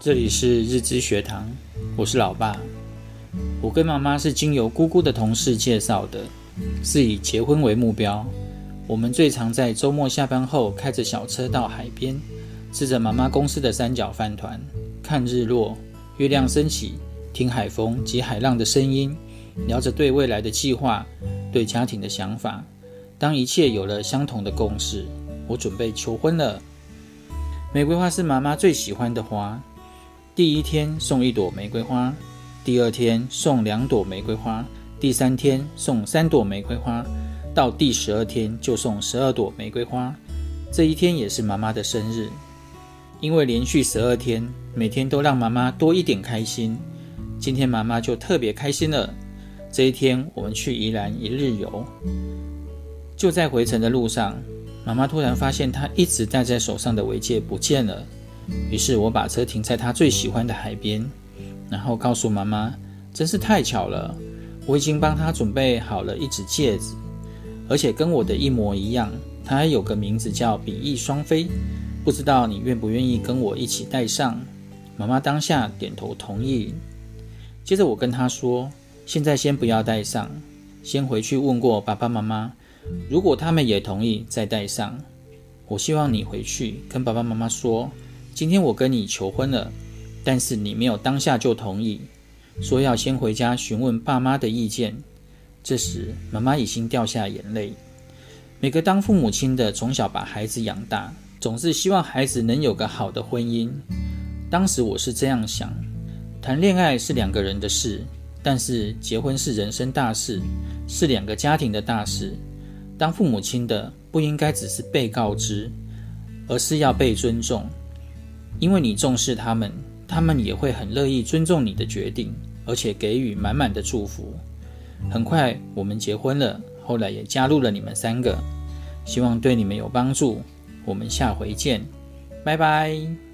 這裡是日資學堂，我是老爸。我跟媽媽是經由姑姑的同事介紹的，是以結婚為目標。我們最常在周末下班後，開着小車到海邊，吃着媽媽公司的三角飯糰，看日落、月亮升起，聽海風及海浪的聲音，聊着對未來的計劃、對家庭的想法。當一切有了相同的共識，我準備求婚了。玫瑰花是媽媽最喜歡的花。第一天送一朵玫瑰花，第二天送兩朵玫瑰花，第三天送三朵玫瑰花，到第十二天就送十二朵玫瑰花。這一天也是媽媽的生日，因為連續十二天，每天都讓媽媽多一點開心。今天媽媽就特別開心了。這一天我們去宜蘭一日遊，就在回程的路上，媽媽突然發現她一直戴在手上的尾戒不見了。於是我把車停在她最喜歡的海邊，然後告訴媽媽：“真是太巧了，我已經幫她準備好了一隻戒指，而且跟我的一模一樣。它還有個名字叫‘比翼雙飛’，不知道你願不願意跟我一起戴上？”媽媽當下點頭同意。接着我跟她說：“現在先不要戴上，先回去問過爸爸媽媽，如果他們也同意再戴上。我希望你回去跟爸爸媽媽說。”今天我跟你求婚了，但是你沒有當下就同意，說要先回家詢問爸媽的意見。這時，媽媽已經掉下眼淚。每個當父母親的，從小把孩子養大，總是希望孩子能有個好的婚姻。當時我是這樣想：談戀愛是兩個人的事，但是結婚是人生大事，是兩個家庭的大事。當父母親的不應該只是被告知，而是要被尊重。因為你重視他們，他們也會很樂意尊重你的決定，而且給予滿滿的祝福。很快我們結婚了，後來也加入了你們三個，希望對你們有幫助。我們下回見，拜拜。